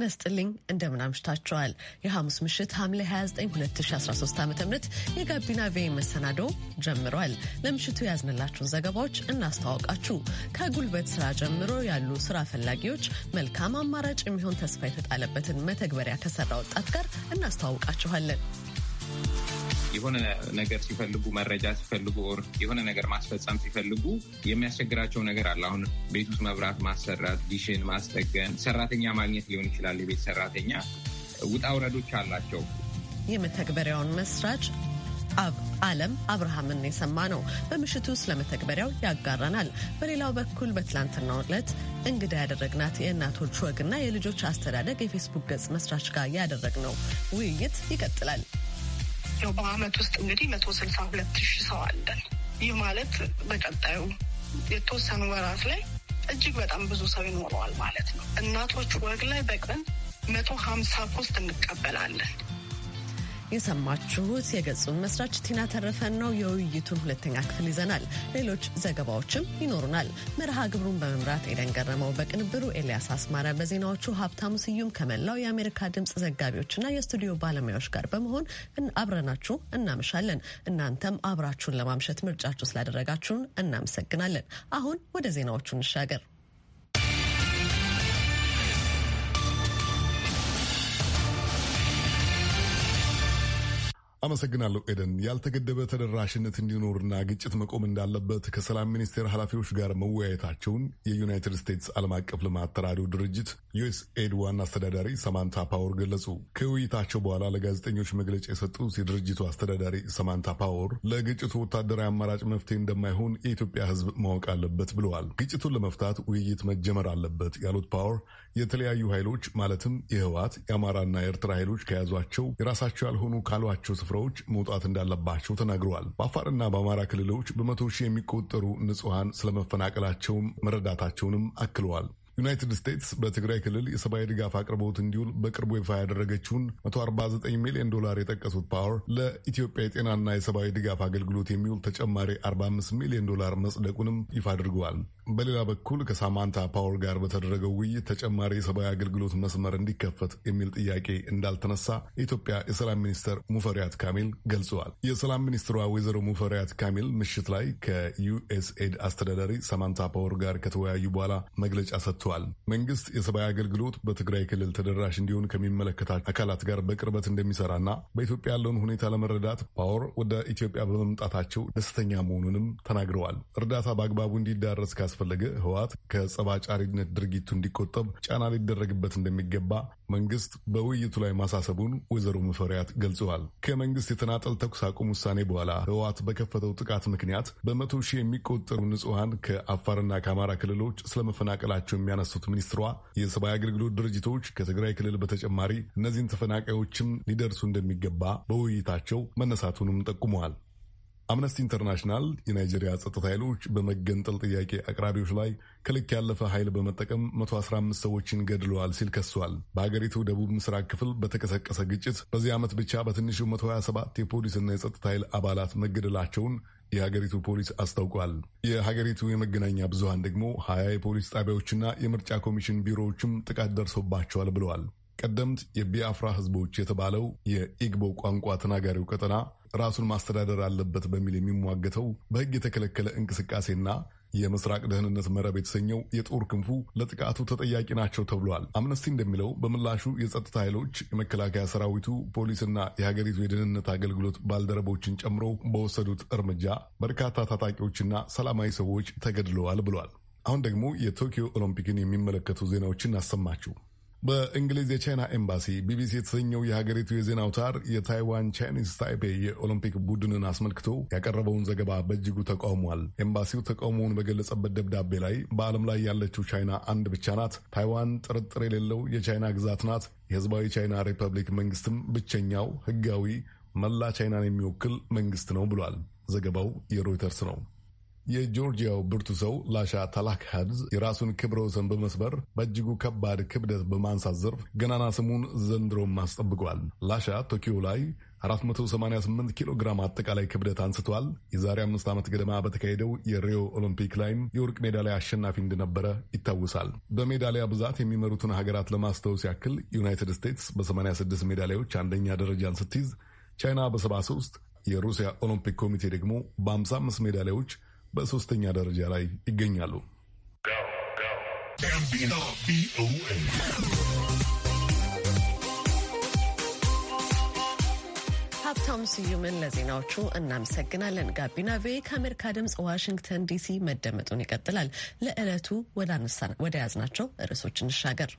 ጤና ስጥልኝ እንደምን አምሽታችኋል። የሐሙስ ምሽት ሐምሌ 29 2013 ዓ ም የጋቢና ቬ መሰናዶ ጀምሯል። ለምሽቱ ያዝንላችሁን ዘገባዎች እናስተዋውቃችሁ። ከጉልበት ስራ ጀምሮ ያሉ ስራ ፈላጊዎች መልካም አማራጭ የሚሆን ተስፋ የተጣለበትን መተግበሪያ ከሰራ ወጣት ጋር እናስተዋውቃችኋለን። የሆነ ነገር ሲፈልጉ መረጃ ሲፈልጉ ኦር የሆነ ነገር ማስፈጸም ሲፈልጉ የሚያስቸግራቸው ነገር አለ። አሁን ቤት ውስጥ መብራት ማሰራት፣ ዲሽን ማስጠገን፣ ሰራተኛ ማግኘት ሊሆን ይችላል። የቤት ሰራተኛ ውጣ ውረዶች አላቸው። የመተግበሪያውን መስራች አብ አለም አብርሃምን የሰማ ነው በምሽቱ ስለ መተግበሪያው ያጋራናል። በሌላው በኩል በትላንትናው ዕለት እንግዳ ያደረግናት የእናቶች ወግና የልጆች አስተዳደግ የፌስቡክ ገጽ መስራች ጋር ያደረግነው ውይይት ይቀጥላል። ያው በአመት ውስጥ እንግዲህ መቶ ስልሳ ሁለት ሺህ ሰው አለን። ይህ ማለት በቀጣዩ የተወሰኑ ወራት ላይ እጅግ በጣም ብዙ ሰው ይኖረዋል ማለት ነው። እናቶች ወግ ላይ በቀን መቶ ሀምሳ ፖስት እንቀበላለን። የሰማችሁት የገጹን መስራች ቲና ተረፈን ነው። የውይይቱን ሁለተኛ ክፍል ይዘናል። ሌሎች ዘገባዎችም ይኖሩናል። መርሃ ግብሩን በመምራት ኤደን ገረመው፣ በቅንብሩ ኤልያስ አስማረ፣ በዜናዎቹ ሀብታሙ ስዩም ከመላው የአሜሪካ ድምፅ ዘጋቢዎችና የስቱዲዮ ባለሙያዎች ጋር በመሆን አብረናችሁ እናመሻለን። እናንተም አብራችሁን ለማምሸት ምርጫችሁ ስላደረጋችሁን እናመሰግናለን። አሁን ወደ ዜናዎቹ እንሻገር። አመሰግናለሁ ኤደን። ያልተገደበ ተደራሽነት እንዲኖርና ግጭት መቆም እንዳለበት ከሰላም ሚኒስቴር ኃላፊዎች ጋር መወያየታቸውን የዩናይትድ ስቴትስ ዓለም አቀፍ ልማት ተራድኦ ድርጅት ዩኤስ ኤድ ዋና አስተዳዳሪ ሰማንታ ፓወር ገለጹ። ከውይይታቸው በኋላ ለጋዜጠኞች መግለጫ የሰጡት የድርጅቱ አስተዳዳሪ ሰማንታ ፓወር ለግጭቱ ወታደራዊ አማራጭ መፍትሄ እንደማይሆን የኢትዮጵያ ሕዝብ ማወቅ አለበት ብለዋል። ግጭቱን ለመፍታት ውይይት መጀመር አለበት ያሉት ፓወር የተለያዩ ኃይሎች ማለትም የህወሓት የአማራና የኤርትራ ኃይሎች ከያዟቸው የራሳቸው ያልሆኑ ካሏቸው ስፍራዎች መውጣት እንዳለባቸው ተናግረዋል። በአፋርና በአማራ ክልሎች በመቶ ሺህ የሚቆጠሩ ንጹሐን ስለመፈናቀላቸውም መረዳታቸውንም አክለዋል። ዩናይትድ ስቴትስ በትግራይ ክልል የሰብአዊ ድጋፍ አቅርቦት እንዲውል በቅርቡ ይፋ ያደረገችውን 149 ሚሊዮን ዶላር የጠቀሱት ፓወር ለኢትዮጵያ የጤናና የሰብአዊ ድጋፍ አገልግሎት የሚውል ተጨማሪ 45 ሚሊዮን ዶላር መጽደቁንም ይፋ አድርገዋል። በሌላ በኩል ከሳማንታ ፓወር ጋር በተደረገው ውይይት ተጨማሪ የሰብአዊ አገልግሎት መስመር እንዲከፈት የሚል ጥያቄ እንዳልተነሳ የኢትዮጵያ የሰላም ሚኒስትር ሙፈሪያት ካሚል ገልጸዋል። የሰላም ሚኒስትሯ ወይዘሮ ሙፈሪያት ካሚል ምሽት ላይ ከዩኤስኤድ አስተዳዳሪ ሳማንታ ፓወር ጋር ከተወያዩ በኋላ መግለጫ ሰጥተዋል። መንግስት የሰብአዊ አገልግሎት በትግራይ ክልል ተደራሽ እንዲሆን ከሚመለከታ አካላት ጋር በቅርበት እንደሚሰራና በኢትዮጵያ ያለውን ሁኔታ ለመረዳት ፓወር ወደ ኢትዮጵያ በመምጣታቸው ደስተኛ መሆኑንም ተናግረዋል። እርዳታ በአግባቡ እንዲዳረስ ካስፈለገ ህወሓት ጫሪነት ድርጊቱ እንዲቆጠብ ጫና ሊደረግበት እንደሚገባ መንግስት በውይይቱ ላይ ማሳሰቡን ወይዘሮ መፈሪያት ገልጸዋል። ከመንግስት የተናጠል ተኩስ አቁም ውሳኔ በኋላ ህወሓት በከፈተው ጥቃት ምክንያት በመቶ ሺህ የሚቆጠሩ ንጹሐን ከአፋርና ከአማራ ክልሎች ስለመፈናቀላቸው የሚያነሱት ሚኒስትሯ የሰብአዊ አገልግሎት ድርጅቶች ከትግራይ ክልል በተጨማሪ እነዚህን ተፈናቃዮችም ሊደርሱ እንደሚገባ በውይይታቸው መነሳቱንም ጠቁመዋል። አምነስቲ ኢንተርናሽናል የናይጄሪያ ጸጥታ ኃይሎች በመገንጠል ጥያቄ አቅራቢዎች ላይ ከልክ ያለፈ ኃይል በመጠቀም 115 ሰዎችን ገድለዋል ሲል ከሷል። በአገሪቱ ደቡብ ምስራቅ ክፍል በተቀሰቀሰ ግጭት በዚህ ዓመት ብቻ በትንሹ 127 የፖሊስና የጸጥታ ኃይል አባላት መገደላቸውን የሀገሪቱ ፖሊስ አስታውቋል። የሀገሪቱ የመገናኛ ብዙሃን ደግሞ ሀያ የፖሊስ ጣቢያዎችና የምርጫ ኮሚሽን ቢሮዎችም ጥቃት ደርሶባቸዋል ብለዋል። ቀደምት የቢያፍራ ሕዝቦች የተባለው የኢግቦ ቋንቋ ተናጋሪው ቀጠና ራሱን ማስተዳደር አለበት በሚል የሚሟገተው በሕግ የተከለከለ እንቅስቃሴና የምስራቅ ደህንነት መረብ የተሰኘው የጦር ክንፉ ለጥቃቱ ተጠያቂ ናቸው ተብሏል። አምነስቲ እንደሚለው በምላሹ የጸጥታ ኃይሎች፣ የመከላከያ ሰራዊቱ፣ ፖሊስና የሀገሪቱ የደህንነት አገልግሎት ባልደረቦችን ጨምሮ በወሰዱት እርምጃ በርካታ ታጣቂዎችና ሰላማዊ ሰዎች ተገድለዋል ብሏል። አሁን ደግሞ የቶኪዮ ኦሎምፒክን የሚመለከቱ ዜናዎችን አሰማችሁ። በእንግሊዝ የቻይና ኤምባሲ ቢቢሲ የተሰኘው የሀገሪቱ የዜና አውታር የታይዋን ቻይኒዝ ታይፔ የኦሎምፒክ ቡድንን አስመልክቶ ያቀረበውን ዘገባ በእጅጉ ተቃውሟል። ኤምባሲው ተቃውሞውን በገለጸበት ደብዳቤ ላይ በዓለም ላይ ያለችው ቻይና አንድ ብቻ ናት፣ ታይዋን ጥርጥር የሌለው የቻይና ግዛት ናት፣ የህዝባዊ ቻይና ሪፐብሊክ መንግስትም ብቸኛው ህጋዊ መላ ቻይናን የሚወክል መንግስት ነው ብሏል። ዘገባው የሮይተርስ ነው። የጆርጂያው ብርቱ ሰው ላሻ ታላክሃድዝ የራሱን ክብረ ወሰን በመስበር በእጅጉ ከባድ ክብደት በማንሳት ዘርፍ ገናና ስሙን ዘንድሮም አስጠብቋል። ላሻ ቶኪዮ ላይ 488 ኪሎ ግራም አጠቃላይ ክብደት አንስቷል። የዛሬ አምስት ዓመት ገደማ በተካሄደው የሪዮ ኦሎምፒክ ላይም የወርቅ ሜዳሊያ አሸናፊ እንደነበረ ይታወሳል። በሜዳሊያ ብዛት የሚመሩትን ሀገራት ለማስታወስ ያክል ዩናይትድ ስቴትስ በ86 ሜዳሊያዎች አንደኛ ደረጃን ስትይዝ፣ ቻይና በ73፣ የሩሲያ ኦሎምፒክ ኮሚቴ ደግሞ በ55 ሜዳሊያዎች በሶስተኛ ደረጃ ላይ ይገኛሉ። ሀብታሙ ስዩምን ለዜናዎቹ እናመሰግናለን። ጋቢና ቪ ከአሜሪካ ድምፅ ዋሽንግተን ዲሲ መደመጡን ይቀጥላል። ለዕለቱ ወደ ያዝናቸው ርዕሶች እንሻገር።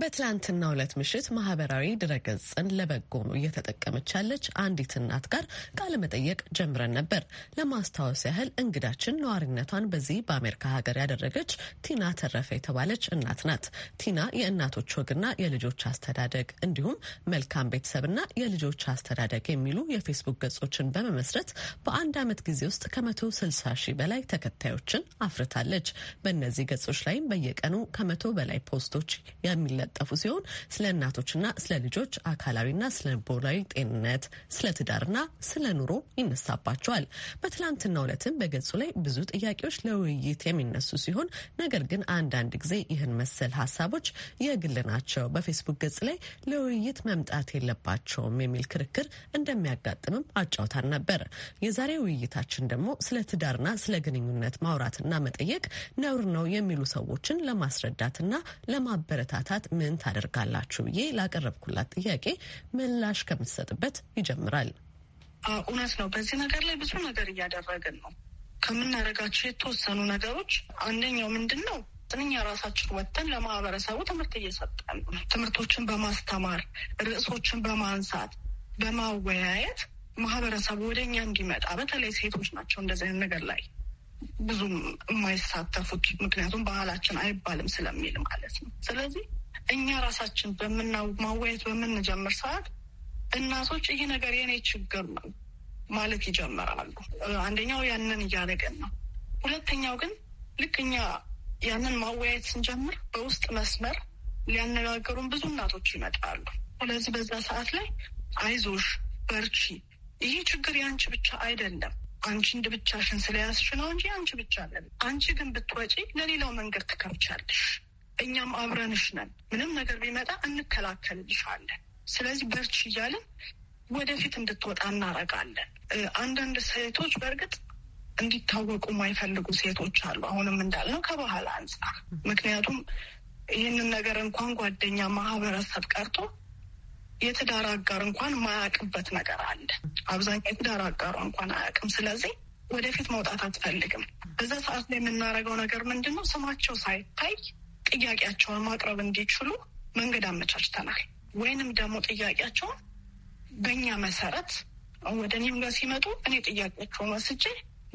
በትላንትናው ዕለት ምሽት ማህበራዊ ድረገጽን ለበጎ እየተጠቀመች ያለች አንዲት እናት ጋር ቃለ መጠየቅ ጀምረን ነበር። ለማስታወስ ያህል እንግዳችን ነዋሪነቷን በዚህ በአሜሪካ ሀገር ያደረገች ቲና ተረፈ የተባለች እናት ናት። ቲና የእናቶች ወግና የልጆች አስተዳደግ እንዲሁም መልካም ቤተሰብና የልጆች አስተዳደግ የሚሉ የፌስቡክ ገጾችን በመመስረት በአንድ ዓመት ጊዜ ውስጥ ከመቶ ስልሳ ሺህ በላይ ተከታዮችን አፍርታለች። በእነዚህ ገጾች ላይም በየቀኑ ከመቶ በላይ ፖስቶች የሚለ የለጠፉ ሲሆን ስለ እናቶችና ስለ ልጆች አካላዊና ስለ ልቦናዊ ጤንነት፣ ስለ ትዳርና ስለ ኑሮ ይነሳባቸዋል። በትላንትናው ዕለትም በገጹ ላይ ብዙ ጥያቄዎች ለውይይት የሚነሱ ሲሆን ነገር ግን አንዳንድ ጊዜ ይህን መሰል ሀሳቦች የግል ናቸው፣ በፌስቡክ ገጽ ላይ ለውይይት መምጣት የለባቸውም የሚል ክርክር እንደሚያጋጥምም አጫውታን ነበር። የዛሬ ውይይታችን ደግሞ ስለ ትዳርና ስለ ግንኙነት ማውራትና መጠየቅ ነውር ነው የሚሉ ሰዎችን ለማስረዳትና ለማበረታታት ምን ታደርጋላችሁ ብዬ ላቀረብኩላት ጥያቄ ምላሽ ከምትሰጥበት ይጀምራል። እውነት ነው። በዚህ ነገር ላይ ብዙ ነገር እያደረግን ነው። ከምናደርጋቸው የተወሰኑ ነገሮች አንደኛው ምንድን ነው? እኛ ራሳችን ወጥተን ለማህበረሰቡ ትምህርት እየሰጠን ትምህርቶችን በማስተማር ርዕሶችን በማንሳት በማወያየት ማህበረሰቡ ወደ እኛ እንዲመጣ በተለይ ሴቶች ናቸው እንደዚህ አይነት ነገር ላይ ብዙም የማይሳተፉት ምክንያቱም ባህላችን አይባልም ስለሚል ማለት ነው። ስለዚህ እኛ ራሳችን በምና ማወያየት በምንጀምር ሰዓት እናቶች ይሄ ነገር የኔ ችግር ነው ማለት ይጀምራሉ። አንደኛው ያንን እያደረገን ነው። ሁለተኛው ግን ልክ እኛ ያንን ማወያየት ስንጀምር በውስጥ መስመር ሊያነጋገሩን ብዙ እናቶች ይመጣሉ። ስለዚህ በዛ ሰዓት ላይ አይዞሽ፣ በርቺ፣ ይህ ችግር የአንቺ ብቻ አይደለም አንቺ እንድ ብቻሽን ስለያዝሽ ነው እንጂ አንቺ ብቻ አለን። አንቺ ግን ብትወጪ ለሌላው መንገድ ትከብቻለሽ እኛም አብረንሽ ነን፣ ምንም ነገር ቢመጣ እንከላከልልሻለን፣ ስለዚህ በርች እያለን ወደፊት እንድትወጣ እናረጋለን። አንዳንድ ሴቶች በእርግጥ እንዲታወቁ የማይፈልጉ ሴቶች አሉ። አሁንም እንዳልነው ከባህል አንጻር ምክንያቱም ይህንን ነገር እንኳን ጓደኛ፣ ማህበረሰብ ቀርቶ የትዳር አጋር እንኳን የማያውቅበት ነገር አለ። አብዛኛው የትዳር አጋሯ እንኳን አያውቅም። ስለዚህ ወደፊት መውጣት አትፈልግም። በዛ ሰዓት ላይ የምናደርገው ነገር ምንድን ነው? ስማቸው ሳይታይ ጥያቄያቸውን ማቅረብ እንዲችሉ መንገድ አመቻችተናል። ወይንም ደግሞ ጥያቄያቸውን በእኛ መሰረት ወደ እኔም ጋር ሲመጡ እኔ ጥያቄያቸው ወስጄ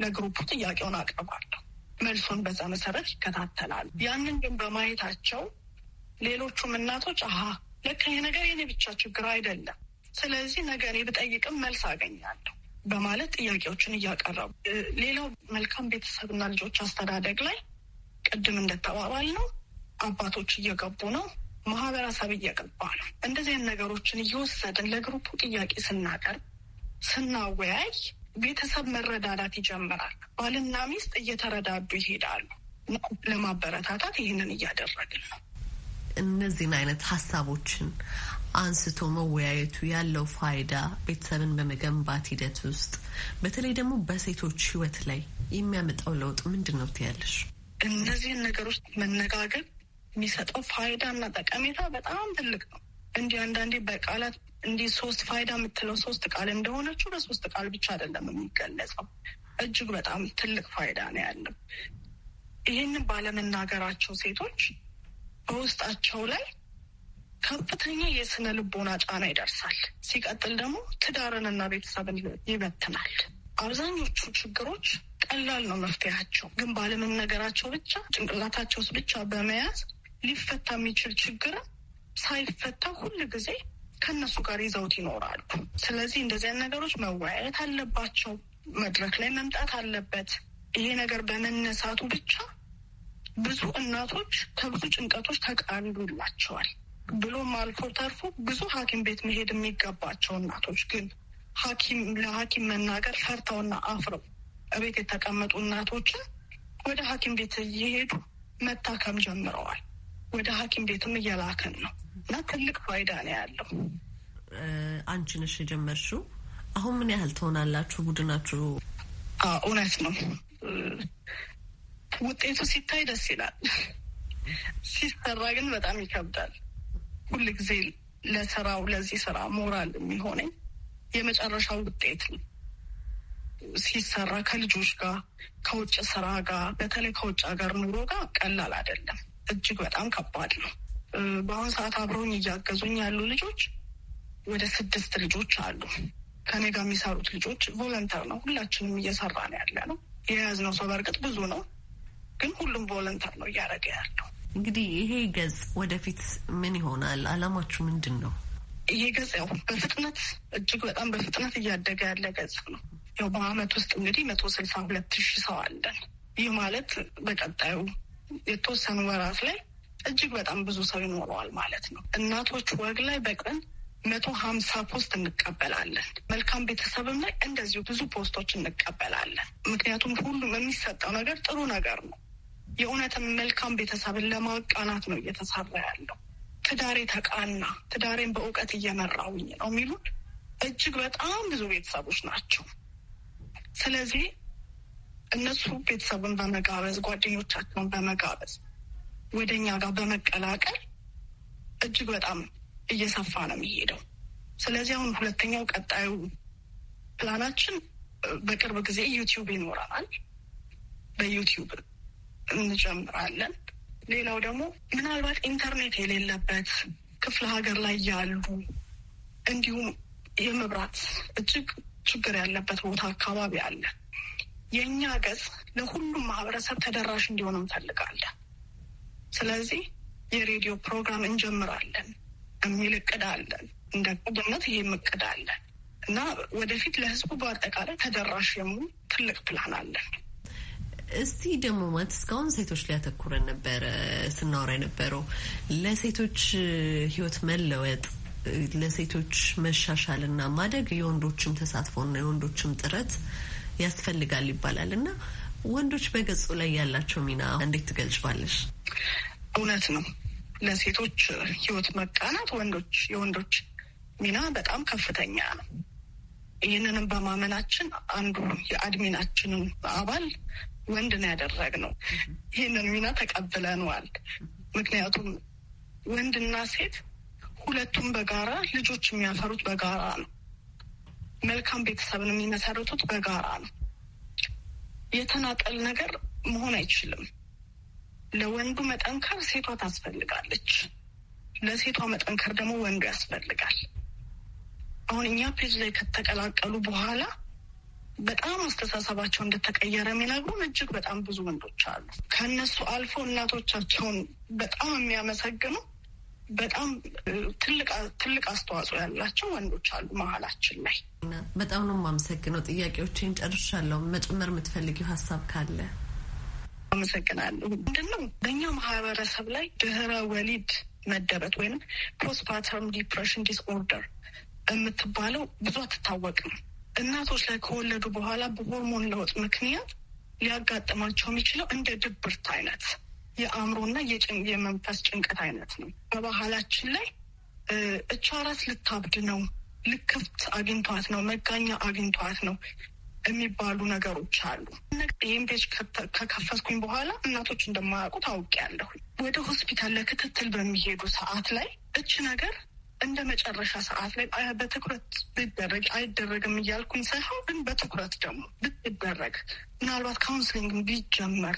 ለግሩፑ ጥያቄውን አቅርባለሁ። መልሱን በዛ መሰረት ይከታተላሉ። ያንን ግን በማየታቸው ሌሎቹም እናቶች አሀ ልክ ይህ ነገር የኔ ብቻ ችግር አይደለም፣ ስለዚህ ነገ እኔ ብጠይቅም መልስ አገኛለሁ በማለት ጥያቄዎችን እያቀረቡ ሌላው መልካም ቤተሰብና ልጆች አስተዳደግ ላይ ቅድም እንደተባባል ነው አባቶች እየገቡ ነው። ማህበረሰብ እየገባ ነው። እንደዚህን ነገሮችን እየወሰድን ለግሩፑ ጥያቄ ስናቀርብ፣ ስናወያይ ቤተሰብ መረዳዳት ይጀምራል። ባልና ሚስት እየተረዳዱ ይሄዳሉ። ለማበረታታት ይህንን እያደረግን ነው። እነዚህን አይነት ሀሳቦችን አንስቶ መወያየቱ ያለው ፋይዳ ቤተሰብን በመገንባት ሂደት ውስጥ በተለይ ደግሞ በሴቶች ሕይወት ላይ የሚያመጣው ለውጥ ምንድን ነው ትያለሽ? እነዚህን ነገሮች መነጋገር የሚሰጠው ፋይዳና ጠቀሜታ በጣም ትልቅ ነው። እንዲህ አንዳንዴ በቃላት እንዲህ ሶስት ፋይዳ የምትለው ሶስት ቃል እንደሆነችው በሶስት ቃል ብቻ አይደለም የሚገለጸው። እጅግ በጣም ትልቅ ፋይዳ ነው ያለው። ይህንን ባለመናገራቸው ሴቶች በውስጣቸው ላይ ከፍተኛ የስነ ልቦና ጫና ይደርሳል። ሲቀጥል ደግሞ ትዳርንና ቤተሰብን ይበትናል። አብዛኞቹ ችግሮች ቀላል ነው መፍትያቸው፣ ግን ባለመነገራቸው ብቻ ጭንቅላታቸው ውስጥ ብቻ በመያዝ ሊፈታ የሚችል ችግር ሳይፈታ ሁል ጊዜ ከእነሱ ጋር ይዘውት ይኖራሉ። ስለዚህ እንደዚህ አይነት ነገሮች መወያየት አለባቸው። መድረክ ላይ መምጣት አለበት። ይሄ ነገር በመነሳቱ ብቻ ብዙ እናቶች ከብዙ ጭንቀቶች ተቃሉላቸዋል። ብሎም አልፎ ተርፎ ብዙ ሐኪም ቤት መሄድ የሚገባቸው እናቶች ግን ሐኪም ለሐኪም መናገር ፈርተውና አፍረው እቤት የተቀመጡ እናቶችን ወደ ሐኪም ቤት እየሄዱ መታከም ጀምረዋል። ወደ ሐኪም ቤትም እየላከን ነው እና ትልቅ ፋይዳ ነው ያለው። አንቺ ነሽ የጀመርሽው። አሁን ምን ያህል ትሆናላችሁ ቡድናችሁ? እውነት ነው ውጤቱ ሲታይ ደስ ይላል፣ ሲሰራ ግን በጣም ይከብዳል። ሁል ጊዜ ለስራው ለዚህ ስራ ሞራል የሚሆነኝ የመጨረሻው ውጤት ነው ሲሰራ ከልጆች ጋር ከውጭ ስራ ጋር በተለይ ከውጭ ሀገር ኑሮ ጋር ቀላል አይደለም። እጅግ በጣም ከባድ ነው። በአሁኑ ሰዓት አብረውኝ እያገዙኝ ያሉ ልጆች ወደ ስድስት ልጆች አሉ። ከኔ ጋር የሚሰሩት ልጆች ቮለንተር ነው። ሁላችንም እየሰራ ነው ያለ ነው። የያዝነው ሰው በእርግጥ ብዙ ነው፣ ግን ሁሉም ቮለንተር ነው እያደረገ ያለው። እንግዲህ ይሄ ገጽ ወደፊት ምን ይሆናል? አላማችሁ ምንድን ነው? ይሄ ገጽ ያው በፍጥነት እጅግ በጣም በፍጥነት እያደገ ያለ ገጽ ነው። ያው በአመት ውስጥ እንግዲህ መቶ ስልሳ ሁለት ሺህ ሰው አለን። ይህ ማለት በቀጣዩ የተወሰኑ ወራት ላይ እጅግ በጣም ብዙ ሰው ይኖረዋል ማለት ነው። እናቶች ወግ ላይ በቀን መቶ ሀምሳ ፖስት እንቀበላለን። መልካም ቤተሰብም ላይ እንደዚሁ ብዙ ፖስቶች እንቀበላለን። ምክንያቱም ሁሉም የሚሰጠው ነገር ጥሩ ነገር ነው። የእውነትም መልካም ቤተሰብን ለማቃናት ነው እየተሰራ ያለው። ትዳሬ ተቃና፣ ትዳሬን በእውቀት እየመራውኝ ነው የሚሉን እጅግ በጣም ብዙ ቤተሰቦች ናቸው። ስለዚህ እነሱ ቤተሰቡን በመጋበዝ ጓደኞቻቸውን በመጋበዝ ወደ እኛ ጋር በመቀላቀል እጅግ በጣም እየሰፋ ነው የሚሄደው። ስለዚህ አሁን ሁለተኛው ቀጣዩ ፕላናችን በቅርብ ጊዜ ዩቲዩብ ይኖረናል። በዩቲዩብ እንጀምራለን። ሌላው ደግሞ ምናልባት ኢንተርኔት የሌለበት ክፍለ ሀገር ላይ ያሉ እንዲሁም የመብራት እጅግ ችግር ያለበት ቦታ አካባቢ አለ። የእኛ ገጽ ለሁሉም ማህበረሰብ ተደራሽ እንዲሆን እንፈልጋለን። ስለዚህ የሬዲዮ ፕሮግራም እንጀምራለን የሚል እቅድ አለን። እንደ ቅድመት ይህም እቅድ አለን እና ወደፊት ለህዝቡ በአጠቃላይ ተደራሽ የመሆን ትልቅ ፕላን አለን። እስቲ ደግሞ ማለት እስካሁን ሴቶች ላይ ያተኮረን ነበረ ስናወራ የነበረው ለሴቶች ህይወት መለወጥ ለሴቶች መሻሻልና ማደግ የወንዶችም ተሳትፎና የወንዶችም ጥረት ያስፈልጋል ይባላል እና ወንዶች በገጹ ላይ ያላቸው ሚና እንዴት ትገልጫለሽ? እውነት ነው። ለሴቶች ህይወት መቃናት ወንዶች የወንዶች ሚና በጣም ከፍተኛ ነው። ይህንንም በማመናችን አንዱ የአድሚናችንን አባል ወንድ ነው ያደረግነው። ይህንን ሚና ተቀብለነዋል። ምክንያቱም ወንድና ሴት ሁለቱም በጋራ ልጆች የሚያፈሩት በጋራ ነው። መልካም ቤተሰብን የሚመሰርቱት በጋራ ነው። የተናጠል ነገር መሆን አይችልም። ለወንዱ መጠንከር ሴቷ ታስፈልጋለች። ለሴቷ መጠንከር ደግሞ ወንዱ ያስፈልጋል። አሁን እኛ ፔጅ ላይ ከተቀላቀሉ በኋላ በጣም አስተሳሰባቸው እንደተቀየረ የሚነግሩን እጅግ በጣም ብዙ ወንዶች አሉ። ከእነሱ አልፎ እናቶቻቸውን በጣም የሚያመሰግኑ በጣም ትልቅ አስተዋጽኦ ያላቸው ወንዶች አሉ መሀላችን ላይ። በጣም ነው የማመሰግነው። ጥያቄዎችን ጨርሻለሁ። መጨመር የምትፈልጊው ሀሳብ ካለ አመሰግናለሁ። ምንድነው በእኛ ማህበረሰብ ላይ ድህረ ወሊድ መደበት ወይም ፖስትፓተርም ዲፕሬሽን ዲስኦርደር የምትባለው ብዙ አትታወቅም። እናቶች ላይ ከወለዱ በኋላ በሆርሞን ለውጥ ምክንያት ሊያጋጥማቸው የሚችለው እንደ ድብርት አይነት የአእምሮና የመንፈስ ጭንቀት አይነት ነው። በባህላችን ላይ እቻ አራት ልታብድ ነው፣ ልክፍት አግኝቷት ነው፣ መጋኛ አግኝቷት ነው የሚባሉ ነገሮች አሉ። ይህም ፔጅ ከከፈትኩኝ በኋላ እናቶች እንደማያውቁት ያለሁ ወደ ሆስፒታል ለክትትል በሚሄዱ ሰዓት ላይ እች ነገር እንደ መጨረሻ ሰዓት ላይ በትኩረት ቢደረግ አይደረግም እያልኩኝ ሳይሆን፣ ግን በትኩረት ደግሞ ብትደረግ ምናልባት ካውንስሊንግ ቢጀመር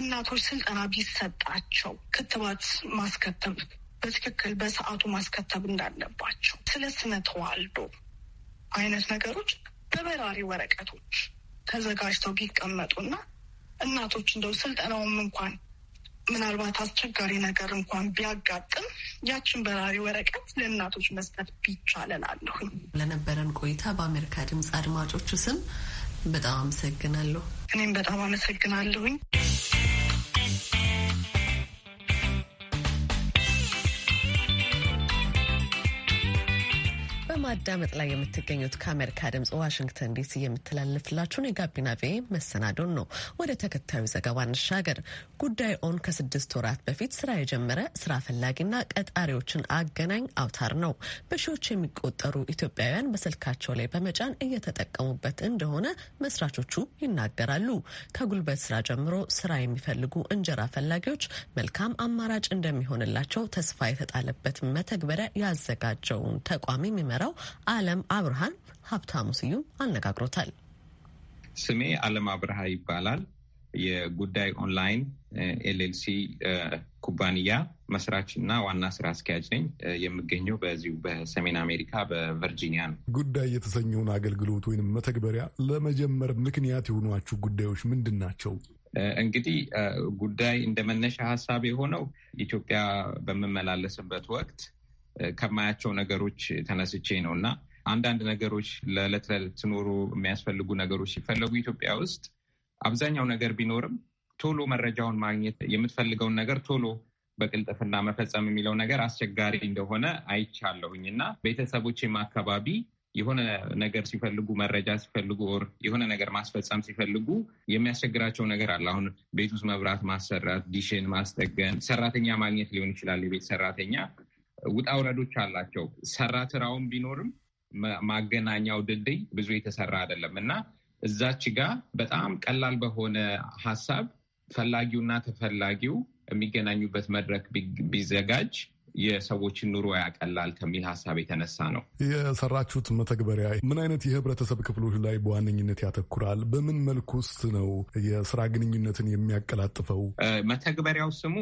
እናቶች ስልጠና ቢሰጣቸው ክትባት ማስከተብ በትክክል በሰዓቱ ማስከተብ እንዳለባቸው፣ ስለ ስነ ተዋልዶ አይነት ነገሮች በበራሪ ወረቀቶች ተዘጋጅተው ቢቀመጡና እናቶች እንደው ስልጠናውም እንኳን ምናልባት አስቸጋሪ ነገር እንኳን ቢያጋጥም ያችን በራሪ ወረቀት ለእናቶች መስጠት ቢቻለላለሁ። ለነበረን ቆይታ በአሜሪካ ድምፅ አድማጮቹ ስም በጣም አመሰግናለሁ። እኔም በጣም አመሰግናለሁኝ። በማዳመጥ ላይ የምትገኙት ከአሜሪካ ድምጽ ዋሽንግተን ዲሲ የምትላለፍላችሁን የጋቢና ቬ መሰናዶን ነው። ወደ ተከታዩ ዘገባ እንሻገር። ጉዳይ ኦን ከስድስት ወራት በፊት ስራ የጀመረ ስራ ፈላጊና ቀጣሪዎችን አገናኝ አውታር ነው። በሺዎች የሚቆጠሩ ኢትዮጵያውያን በስልካቸው ላይ በመጫን እየተጠቀሙበት እንደሆነ መስራቾቹ ይናገራሉ። ከጉልበት ስራ ጀምሮ ስራ የሚፈልጉ እንጀራ ፈላጊዎች መልካም አማራጭ እንደሚሆንላቸው ተስፋ የተጣለበት መተግበሪያ ያዘጋጀውን ተቋም የሚመራው የነበረው አለም አብርሃን ሀብታሙ ስዩም አነጋግሮታል። ስሜ አለም አብርሃ ይባላል። የጉዳይ ኦንላይን ኤልኤልሲ ኩባንያ መስራች እና ዋና ስራ አስኪያጅ ነኝ። የምገኘው በዚሁ በሰሜን አሜሪካ በቨርጂኒያ ነው። ጉዳይ የተሰኘውን አገልግሎት ወይም መተግበሪያ ለመጀመር ምክንያት የሆኗችሁ ጉዳዮች ምንድን ናቸው? እንግዲህ ጉዳይ እንደ መነሻ ሀሳብ የሆነው ኢትዮጵያ በምመላለስበት ወቅት ከማያቸው ነገሮች ተነስቼ ነው እና አንዳንድ ነገሮች ለዕለት ለዕለት ኖሮ የሚያስፈልጉ ነገሮች ሲፈለጉ ኢትዮጵያ ውስጥ አብዛኛው ነገር ቢኖርም ቶሎ መረጃውን ማግኘት የምትፈልገውን ነገር ቶሎ በቅልጥፍና መፈጸም የሚለው ነገር አስቸጋሪ እንደሆነ አይቻለሁኝ እና ቤተሰቦችም አካባቢ የሆነ ነገር ሲፈልጉ መረጃ ሲፈልጉ ር የሆነ ነገር ማስፈጸም ሲፈልጉ የሚያስቸግራቸው ነገር አለ። አሁን ቤት ውስጥ መብራት ማሰራት፣ ዲሽን ማስጠገን፣ ሰራተኛ ማግኘት ሊሆን ይችላል የቤት ሰራተኛ ውጣ ውረዶች አላቸው። ሰራ ስራውን ቢኖርም ማገናኛው ድልድይ ብዙ የተሰራ አይደለም እና እዛች ጋር በጣም ቀላል በሆነ ሀሳብ ፈላጊውና ተፈላጊው የሚገናኙበት መድረክ ቢዘጋጅ የሰዎችን ኑሮ ያቀላል ከሚል ሀሳብ የተነሳ ነው የሰራችሁት መተግበሪያ። ምን አይነት የህብረተሰብ ክፍሎች ላይ በዋነኝነት ያተኩራል? በምን መልኩ ውስጥ ነው የስራ ግንኙነትን የሚያቀላጥፈው? መተግበሪያው ስሙ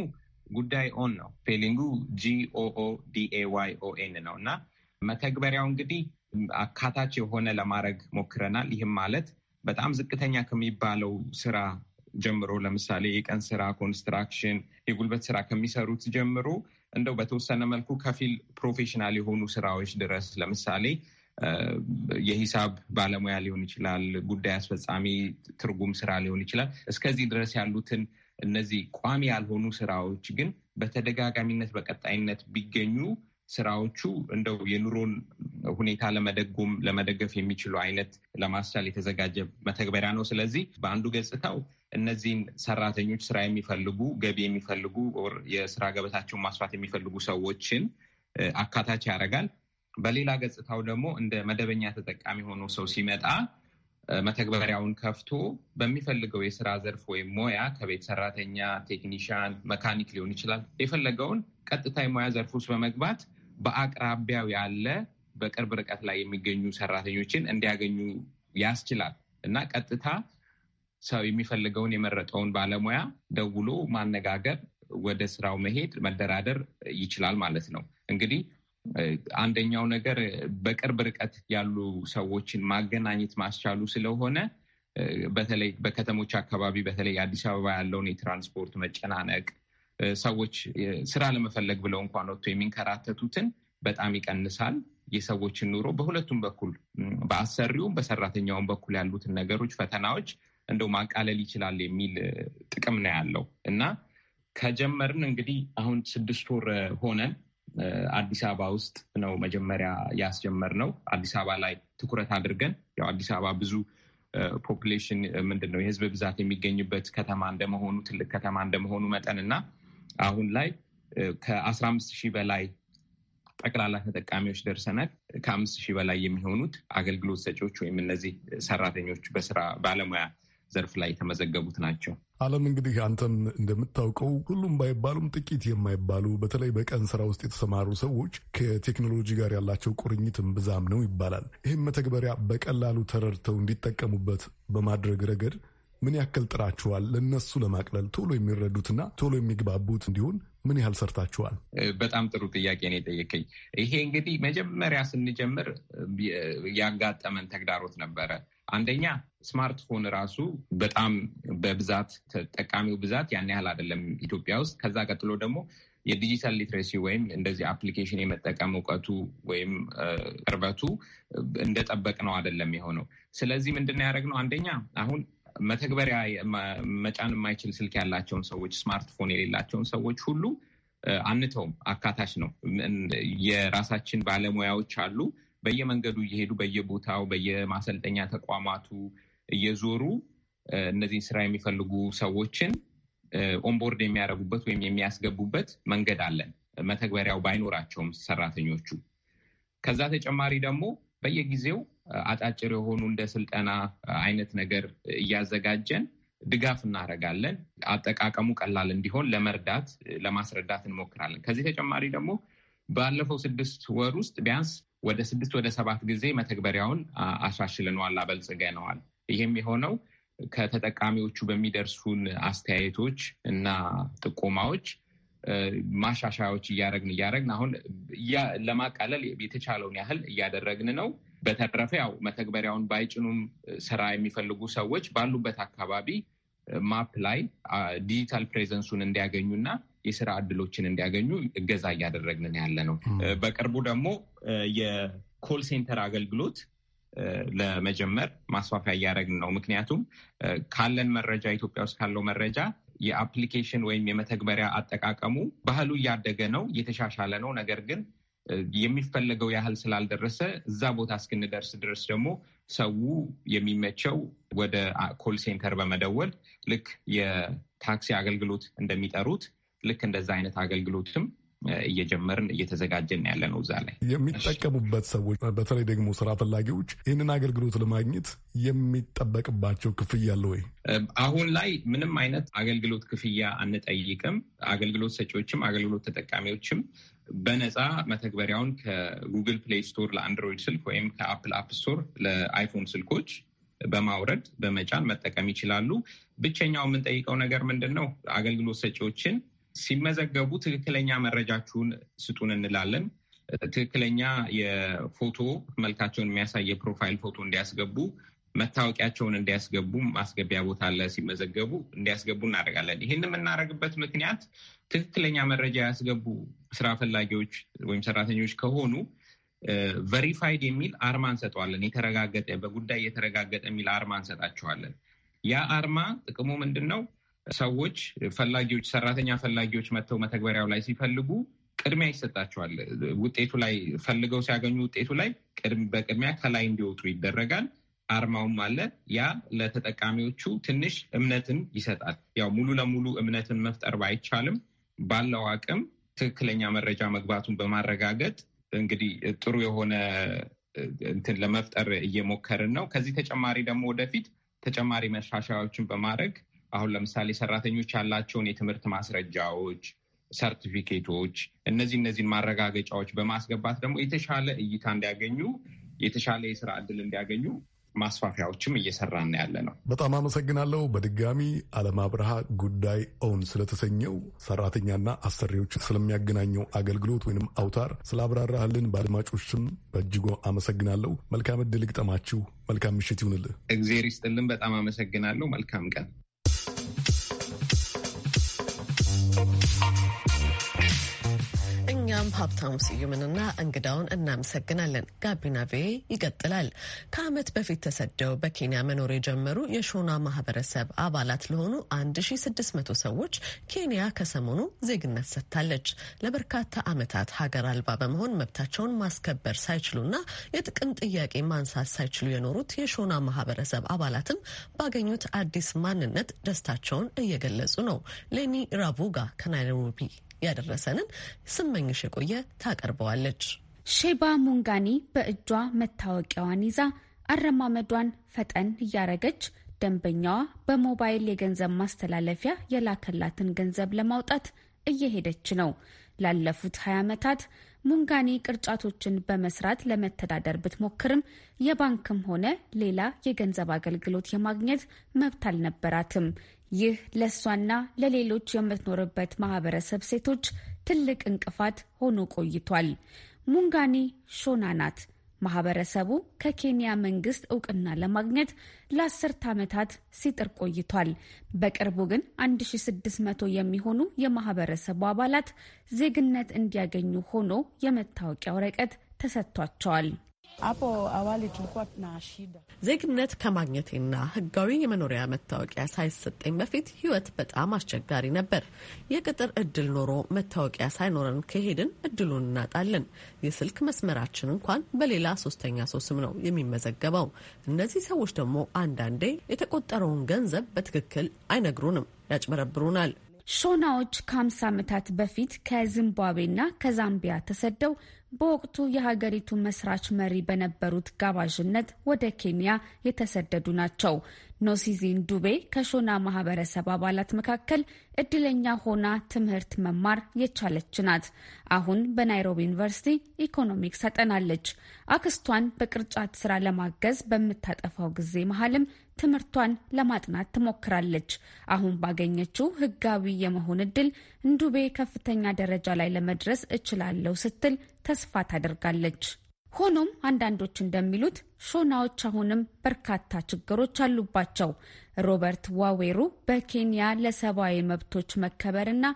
ጉዳይ ኦን ነው። ፔሊንጉ ጂኦኦዲኤዋይኦኤን ነው እና መተግበሪያው እንግዲህ አካታች የሆነ ለማድረግ ሞክረናል። ይህም ማለት በጣም ዝቅተኛ ከሚባለው ስራ ጀምሮ ለምሳሌ የቀን ስራ፣ ኮንስትራክሽን፣ የጉልበት ስራ ከሚሰሩት ጀምሮ እንደው በተወሰነ መልኩ ከፊል ፕሮፌሽናል የሆኑ ስራዎች ድረስ ለምሳሌ የሂሳብ ባለሙያ ሊሆን ይችላል፣ ጉዳይ አስፈጻሚ፣ ትርጉም ስራ ሊሆን ይችላል። እስከዚህ ድረስ ያሉትን እነዚህ ቋሚ ያልሆኑ ስራዎች ግን በተደጋጋሚነት በቀጣይነት ቢገኙ ስራዎቹ እንደው የኑሮን ሁኔታ ለመደጎም ለመደገፍ የሚችሉ አይነት ለማስቻል የተዘጋጀ መተግበሪያ ነው። ስለዚህ በአንዱ ገጽታው እነዚህን ሰራተኞች ስራ የሚፈልጉ ገቢ የሚፈልጉ የስራ ገበታቸውን ማስፋት የሚፈልጉ ሰዎችን አካታች ያደርጋል። በሌላ ገጽታው ደግሞ እንደ መደበኛ ተጠቃሚ ሆኖ ሰው ሲመጣ መተግበሪያውን ከፍቶ በሚፈልገው የስራ ዘርፍ ወይም ሙያ ከቤት ሰራተኛ፣ ቴክኒሽያን፣ መካኒክ ሊሆን ይችላል የፈለገውን ቀጥታ የሙያ ዘርፍ ውስጥ በመግባት በአቅራቢያው ያለ በቅርብ ርቀት ላይ የሚገኙ ሰራተኞችን እንዲያገኙ ያስችላል እና ቀጥታ ሰው የሚፈልገውን የመረጠውን ባለሙያ ደውሎ ማነጋገር፣ ወደ ስራው መሄድ፣ መደራደር ይችላል ማለት ነው እንግዲህ አንደኛው ነገር በቅርብ ርቀት ያሉ ሰዎችን ማገናኘት ማስቻሉ ስለሆነ በተለይ በከተሞች አካባቢ በተለይ አዲስ አበባ ያለውን የትራንስፖርት መጨናነቅ ሰዎች ስራ ለመፈለግ ብለው እንኳን ወጥቶ የሚንከራተቱትን በጣም ይቀንሳል። የሰዎችን ኑሮ በሁለቱም በኩል በአሰሪውም በሰራተኛውም በኩል ያሉትን ነገሮች፣ ፈተናዎች እንደው ማቃለል ይችላል የሚል ጥቅም ነው ያለው እና ከጀመርን እንግዲህ አሁን ስድስት ወር ሆነን አዲስ አበባ ውስጥ ነው መጀመሪያ ያስጀመር ነው። አዲስ አበባ ላይ ትኩረት አድርገን ያው አዲስ አበባ ብዙ ፖፕሌሽን ምንድን ነው የህዝብ ብዛት የሚገኝበት ከተማ እንደመሆኑ ትልቅ ከተማ እንደመሆኑ መጠን እና አሁን ላይ ከአስራ አምስት ሺህ በላይ ጠቅላላ ተጠቃሚዎች ደርሰናል። ከአምስት ሺህ በላይ የሚሆኑት አገልግሎት ሰጪዎች ወይም እነዚህ ሰራተኞች በስራ ባለሙያ ዘርፍ ላይ የተመዘገቡት ናቸው። አለም እንግዲህ አንተም እንደምታውቀው ሁሉም ባይባሉም ጥቂት የማይባሉ በተለይ በቀን ስራ ውስጥ የተሰማሩ ሰዎች ከቴክኖሎጂ ጋር ያላቸው ቁርኝት ብዛም ነው ይባላል። ይህም መተግበሪያ በቀላሉ ተረድተው እንዲጠቀሙበት በማድረግ ረገድ ምን ያክል ጥራችኋል? ለእነሱ ለማቅለል ቶሎ የሚረዱትና ቶሎ የሚግባቡት እንዲሆን ምን ያህል ሰርታችኋል? በጣም ጥሩ ጥያቄ ነው የጠየቀኝ። ይሄ እንግዲህ መጀመሪያ ስንጀምር ያጋጠመን ተግዳሮት ነበረ። አንደኛ ስማርትፎን ራሱ በጣም በብዛት ተጠቃሚው ብዛት ያን ያህል አይደለም ኢትዮጵያ ውስጥ። ከዛ ቀጥሎ ደግሞ የዲጂታል ሊትሬሲ ወይም እንደዚህ አፕሊኬሽን የመጠቀም እውቀቱ ወይም ቅርበቱ እንደጠበቅ ነው አይደለም የሆነው። ስለዚህ ምንድን ነው ያደረግነው? አንደኛ አሁን መተግበሪያ መጫን የማይችል ስልክ ያላቸውን ሰዎች፣ ስማርትፎን የሌላቸውን ሰዎች ሁሉ አንተውም። አካታች ነው። የራሳችን ባለሙያዎች አሉ። በየመንገዱ እየሄዱ በየቦታው በየማሰልጠኛ ተቋማቱ እየዞሩ እነዚህን ስራ የሚፈልጉ ሰዎችን ኦንቦርድ የሚያደርጉበት ወይም የሚያስገቡበት መንገድ አለን። መተግበሪያው ባይኖራቸውም ሰራተኞቹ ከዛ ተጨማሪ ደግሞ በየጊዜው አጫጭር የሆኑ እንደ ስልጠና አይነት ነገር እያዘጋጀን ድጋፍ እናደርጋለን። አጠቃቀሙ ቀላል እንዲሆን ለመርዳት ለማስረዳት እንሞክራለን። ከዚህ ተጨማሪ ደግሞ ባለፈው ስድስት ወር ውስጥ ቢያንስ ወደ ስድስት ወደ ሰባት ጊዜ መተግበሪያውን አሻሽልነዋል፣ አበልጽገነዋል። ይህም የሆነው ከተጠቃሚዎቹ በሚደርሱን አስተያየቶች እና ጥቆማዎች ማሻሻያዎች እያደረግን እያደረግን አሁን ለማቃለል የተቻለውን ያህል እያደረግን ነው። በተረፈ ያው መተግበሪያውን ባይጭኑም ስራ የሚፈልጉ ሰዎች ባሉበት አካባቢ ማፕ ላይ ዲጂታል ፕሬዘንሱን እንዲያገኙና የስራ እድሎችን እንዲያገኙ እገዛ እያደረግን ያለ ነው። በቅርቡ ደግሞ የኮል ሴንተር አገልግሎት ለመጀመር ማስፋፊያ እያደረግን ነው። ምክንያቱም ካለን መረጃ ኢትዮጵያ ውስጥ ካለው መረጃ የአፕሊኬሽን ወይም የመተግበሪያ አጠቃቀሙ ባህሉ እያደገ ነው፣ እየተሻሻለ ነው። ነገር ግን የሚፈለገው ያህል ስላልደረሰ እዛ ቦታ እስክንደርስ ድረስ ደግሞ ሰው የሚመቸው ወደ ኮል ሴንተር በመደወል ልክ የታክሲ አገልግሎት እንደሚጠሩት ልክ እንደዛ አይነት አገልግሎትም እየጀመርን እየተዘጋጀን ያለ ነው። እዛ ላይ የሚጠቀሙበት ሰዎች በተለይ ደግሞ ስራ ፈላጊዎች ይህንን አገልግሎት ለማግኘት የሚጠበቅባቸው ክፍያ አለ ወይ? አሁን ላይ ምንም አይነት አገልግሎት ክፍያ አንጠይቅም። አገልግሎት ሰጪዎችም አገልግሎት ተጠቃሚዎችም በነፃ መተግበሪያውን ከጉግል ፕሌይ ስቶር ለአንድሮይድ ስልክ ወይም ከአፕል አፕ ስቶር ለአይፎን ስልኮች በማውረድ በመጫን መጠቀም ይችላሉ። ብቸኛው የምንጠይቀው ነገር ምንድን ነው? አገልግሎት ሰጪዎችን ሲመዘገቡ ትክክለኛ መረጃችሁን ስጡን እንላለን። ትክክለኛ የፎቶ መልካቸውን የሚያሳይ የፕሮፋይል ፎቶ እንዲያስገቡ መታወቂያቸውን እንዲያስገቡ ማስገቢያ ቦታ አለ። ሲመዘገቡ እንዲያስገቡ እናደርጋለን። ይህን የምናደርግበት ምክንያት ትክክለኛ መረጃ ያስገቡ ስራ ፈላጊዎች ወይም ሰራተኞች ከሆኑ ቨሪፋይድ የሚል አርማ እንሰጠዋለን። የተረጋገጠ በጉዳይ የተረጋገጠ የሚል አርማ እንሰጣቸዋለን። ያ አርማ ጥቅሙ ምንድን ነው? ሰዎች ፈላጊዎች፣ ሰራተኛ ፈላጊዎች መጥተው መተግበሪያው ላይ ሲፈልጉ ቅድሚያ ይሰጣቸዋል። ውጤቱ ላይ ፈልገው ሲያገኙ ውጤቱ ላይ በቅድሚያ ከላይ እንዲወጡ ይደረጋል። አርማውም አለ። ያ ለተጠቃሚዎቹ ትንሽ እምነትን ይሰጣል። ያው ሙሉ ለሙሉ እምነትን መፍጠር ባይቻልም ባለው አቅም ትክክለኛ መረጃ መግባቱን በማረጋገጥ እንግዲህ ጥሩ የሆነ እንትን ለመፍጠር እየሞከርን ነው። ከዚህ ተጨማሪ ደግሞ ወደፊት ተጨማሪ መሻሻያዎችን በማድረግ አሁን ለምሳሌ ሰራተኞች ያላቸውን የትምህርት ማስረጃዎች፣ ሰርቲፊኬቶች እነዚህ እነዚህን ማረጋገጫዎች በማስገባት ደግሞ የተሻለ እይታ እንዲያገኙ የተሻለ የስራ እድል እንዲያገኙ ማስፋፊያዎችም እየሰራን ያለ ነው። በጣም አመሰግናለሁ። በድጋሚ አለም አብርሃ ጉዳይ ኦን ስለተሰኘው ሰራተኛና አሰሪዎች ስለሚያገናኘው አገልግሎት ወይም አውታር ስላብራራህልን በአድማጮች ስም በእጅጉ አመሰግናለሁ። መልካም እድል ግጠማችሁ። መልካም ምሽት ይሁንልህ። እግዜር ይስጥልን። በጣም አመሰግናለሁ። መልካም ቀን እኛም ሀብታሙ ስዩምንና እንግዳውን እናመሰግናለን። ጋቢና ቬ ይቀጥላል። ከዓመት በፊት ተሰደው በኬንያ መኖር የጀመሩ የሾና ማህበረሰብ አባላት ለሆኑ 1600 ሰዎች ኬንያ ከሰሞኑ ዜግነት ሰጥታለች። ለበርካታ ዓመታት ሀገር አልባ በመሆን መብታቸውን ማስከበር ሳይችሉና የጥቅም ጥያቄ ማንሳት ሳይችሉ የኖሩት የሾና ማህበረሰብ አባላትም ባገኙት አዲስ ማንነት ደስታቸውን እየገለጹ ነው። ሌኒ ራቮጋ ከናይሮቢ ያደረሰንን ስመኝሽ የቆየ ታቀርበዋለች። ሼባ ሙንጋኒ በእጇ መታወቂያዋን ይዛ አረማመዷን ፈጠን እያረገች ደንበኛዋ በሞባይል የገንዘብ ማስተላለፊያ የላከላትን ገንዘብ ለማውጣት እየሄደች ነው። ላለፉት 20 ዓመታት ሙንጋኒ ቅርጫቶችን በመስራት ለመተዳደር ብትሞክርም የባንክም ሆነ ሌላ የገንዘብ አገልግሎት የማግኘት መብት አልነበራትም። ይህ ለእሷና ለሌሎች የምትኖርበት ማህበረሰብ ሴቶች ትልቅ እንቅፋት ሆኖ ቆይቷል። ሙንጋኒ ሾና ናት። ማህበረሰቡ ከኬንያ መንግስት እውቅና ለማግኘት ለአስርት ዓመታት ሲጥር ቆይቷል። በቅርቡ ግን 1600 የሚሆኑ የማህበረሰቡ አባላት ዜግነት እንዲያገኙ ሆኖ የመታወቂያ ወረቀት ተሰጥቷቸዋል። Hapo awali tulikuwa na shida ዜግነት ከማግኘቴና ህጋዊ የመኖሪያ መታወቂያ ሳይሰጠኝ በፊት ህይወት በጣም አስቸጋሪ ነበር። የቅጥር እድል ኖሮ መታወቂያ ሳይኖረን ከሄድን እድሉን እናጣለን። የስልክ መስመራችን እንኳን በሌላ ሶስተኛ ሰው ስም ነው የሚመዘገበው። እነዚህ ሰዎች ደግሞ አንዳንዴ የተቆጠረውን ገንዘብ በትክክል አይነግሩንም፣ ያጭበረብሩናል። ሾናዎች ከ50 ዓመታት በፊት ከዚምባብዌና ከዛምቢያ ተሰደው በወቅቱ የሀገሪቱ መስራች መሪ በነበሩት ጋባዥነት ወደ ኬንያ የተሰደዱ ናቸው። ኖሲዚን ዱቤ ከሾና ማህበረሰብ አባላት መካከል እድለኛ ሆና ትምህርት መማር የቻለች ናት። አሁን በናይሮቢ ዩኒቨርሲቲ ኢኮኖሚክስ ታጠናለች። አክስቷን በቅርጫት ስራ ለማገዝ በምታጠፋው ጊዜ መሀልም ትምህርቷን ለማጥናት ትሞክራለች። አሁን ባገኘችው ህጋዊ የመሆን እድል እንዱቤ ከፍተኛ ደረጃ ላይ ለመድረስ እችላለሁ ስትል ተስፋ ታደርጋለች። ሆኖም አንዳንዶች እንደሚሉት ሾናዎች አሁንም በርካታ ችግሮች አሉባቸው። ሮበርት ዋዌሩ በኬንያ ለሰብአዊ መብቶች መከበርና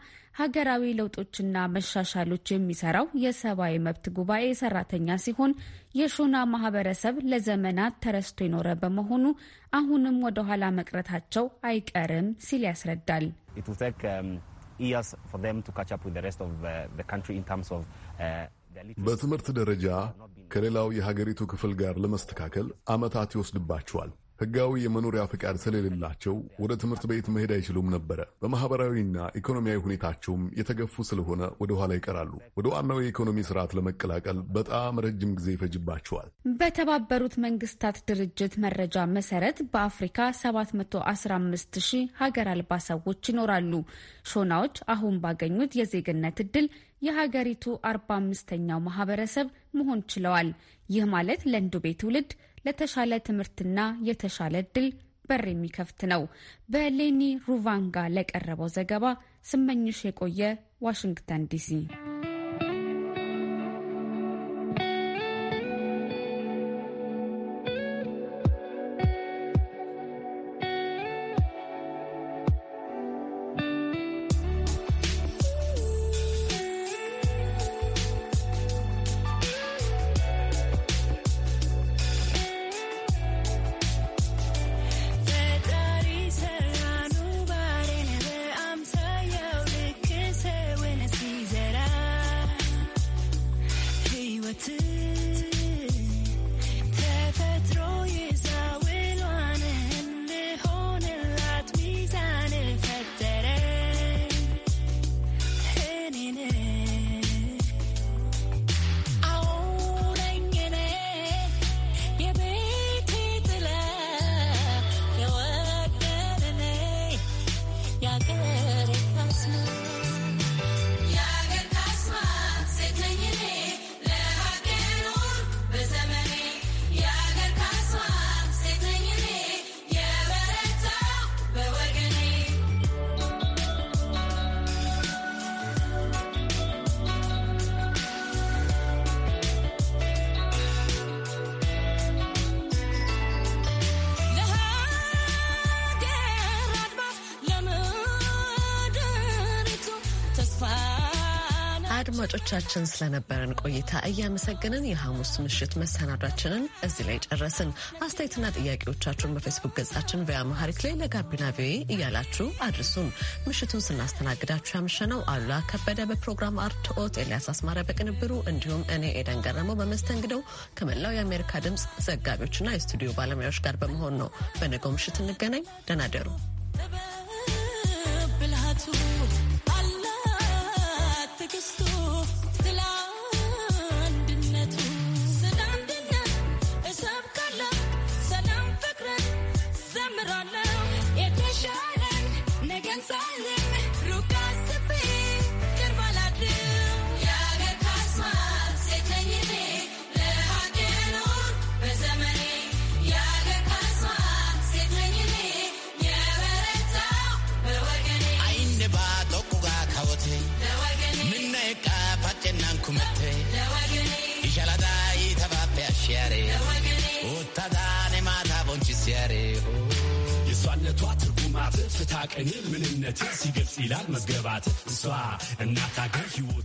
ሀገራዊ ለውጦችና መሻሻሎች የሚሰራው የሰብአዊ መብት ጉባኤ ሰራተኛ ሲሆን የሾና ማህበረሰብ ለዘመናት ተረስቶ የኖረ በመሆኑ አሁንም ወደኋላ መቅረታቸው አይቀርም ሲል ያስረዳል። በትምህርት ደረጃ ከሌላው የሀገሪቱ ክፍል ጋር ለመስተካከል ዓመታት ይወስድባቸዋል። ህጋዊ የመኖሪያ ፍቃድ ስለሌላቸው ወደ ትምህርት ቤት መሄድ አይችሉም ነበረ። በማህበራዊና ኢኮኖሚያዊ ሁኔታቸውም የተገፉ ስለሆነ ወደ ኋላ ይቀራሉ። ወደ ዋናው የኢኮኖሚ ስርዓት ለመቀላቀል በጣም ረጅም ጊዜ ይፈጅባቸዋል። በተባበሩት መንግስታት ድርጅት መረጃ መሰረት በአፍሪካ 715 ሺህ ሀገር አልባ ሰዎች ይኖራሉ። ሾናዎች አሁን ባገኙት የዜግነት እድል የሀገሪቱ 45ኛው ማህበረሰብ መሆን ችለዋል። ይህ ማለት ቤት ትውልድ ለተሻለ ትምህርትና የተሻለ እድል በር የሚከፍት ነው። በሌኒ ሩቫንጋ ለቀረበው ዘገባ ስመኝሽ የቆየ ዋሽንግተን ዲሲ አድማጮቻችን ስለነበረን ቆይታ እያመሰገንን የሐሙስ ምሽት መሰናዷችንን እዚህ ላይ ጨረስን። አስተያየትና ጥያቄዎቻችሁን በፌስቡክ ገጻችን በያማሐሪክ ላይ ለጋቢና ቪኦኤ እያላችሁ አድርሱን። ምሽቱን ስናስተናግዳችሁ ያምሸነው አሉላ ከበደ በፕሮግራም አርትኦት፣ ኤልያስ አስማረ በቅንብሩ እንዲሁም እኔ ኤደን ገረመው በመስተንግደው ከመላው የአሜሪካ ድምፅ ዘጋቢዎችና የስቱዲዮ ባለሙያዎች ጋር በመሆን ነው። በነገው ምሽት እንገናኝ። ደናደሩ ይላል መገባት እሷ እናት አገር